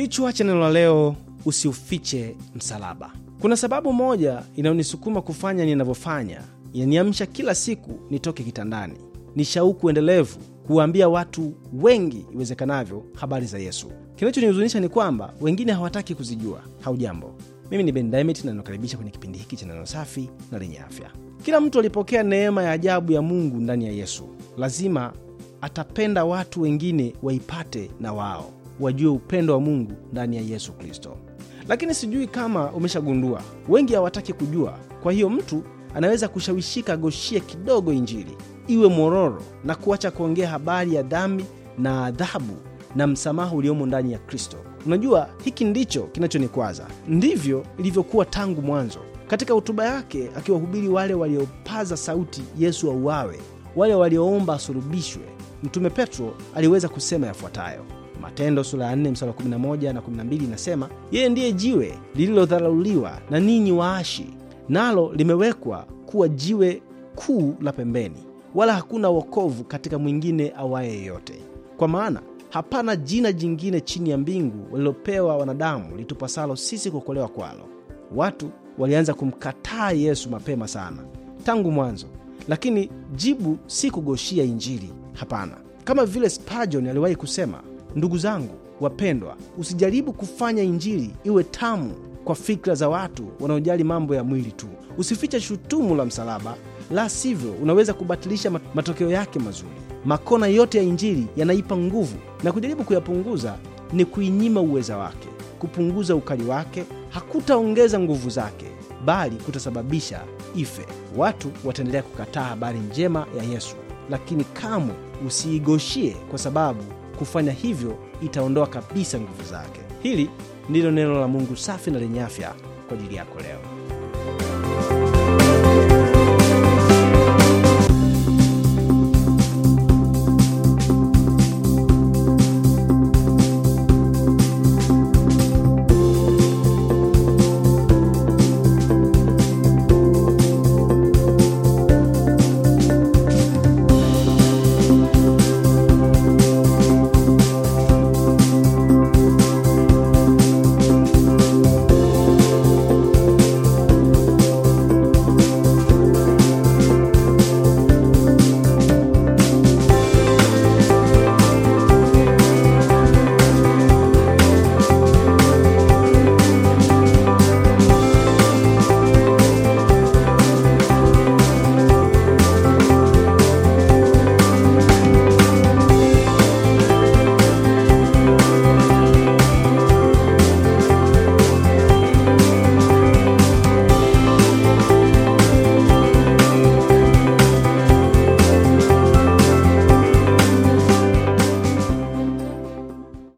Kichwa cha neno la leo, usiufiche msalaba. Kuna sababu moja inayonisukuma kufanya ninavyofanya, inaniamsha kila siku nitoke kitandani. Ni shauku endelevu kuwaambia watu wengi iwezekanavyo habari za Yesu. Kinachonihuzunisha ni kwamba wengine hawataki kuzijua. Haujambo, mimi ni Ben na ninakaribisha kwenye kipindi hiki cha neno safi na lenye afya. Kila mtu alipokea neema ya ajabu ya Mungu ndani ya Yesu, lazima atapenda watu wengine waipate na wao wajue upendo wa Mungu ndani ya Yesu Kristo. Lakini sijui kama umeshagundua, wengi hawataki kujua. Kwa hiyo mtu anaweza kushawishika goshie kidogo Injili iwe mororo na kuacha kuongea habari ya dhambi na adhabu na msamaha uliomo ndani ya Kristo. Unajua, hiki ndicho kinachonikwaza. Ndivyo ilivyokuwa tangu mwanzo. Katika hotuba yake akiwahubiri wale waliopaza sauti Yesu auawe, wale walioomba asurubishwe Mtume Petro aliweza kusema yafuatayo: Matendo sura ya 4 mstari wa 11 na 12 inasema, yeye ndiye jiwe lililodharauliwa na ninyi waashi, nalo limewekwa kuwa jiwe kuu la pembeni, wala hakuna wokovu katika mwingine awaye yeyote, kwa maana hapana jina jingine chini ya mbingu walilopewa wanadamu litupasalo sisi kuokolewa kwalo. Watu walianza kumkataa Yesu mapema sana tangu mwanzo, lakini jibu si kugoshia Injili. Hapana, kama vile Spurgeon aliwahi kusema, Ndugu zangu wapendwa, usijaribu kufanya Injili iwe tamu kwa fikra za watu wanaojali mambo ya mwili tu. Usifiche shutumu la msalaba, la sivyo unaweza kubatilisha matokeo yake mazuri. Makona yote ya Injili yanaipa nguvu, na kujaribu kuyapunguza ni kuinyima uweza wake. Kupunguza ukali wake hakutaongeza nguvu zake, bali kutasababisha ife. Watu wataendelea kukataa habari njema ya Yesu, lakini kamwe usiigoshie kwa sababu kufanya hivyo itaondoa kabisa nguvu zake. Hili ndilo neno la Mungu safi na lenye afya kwa ajili yako leo.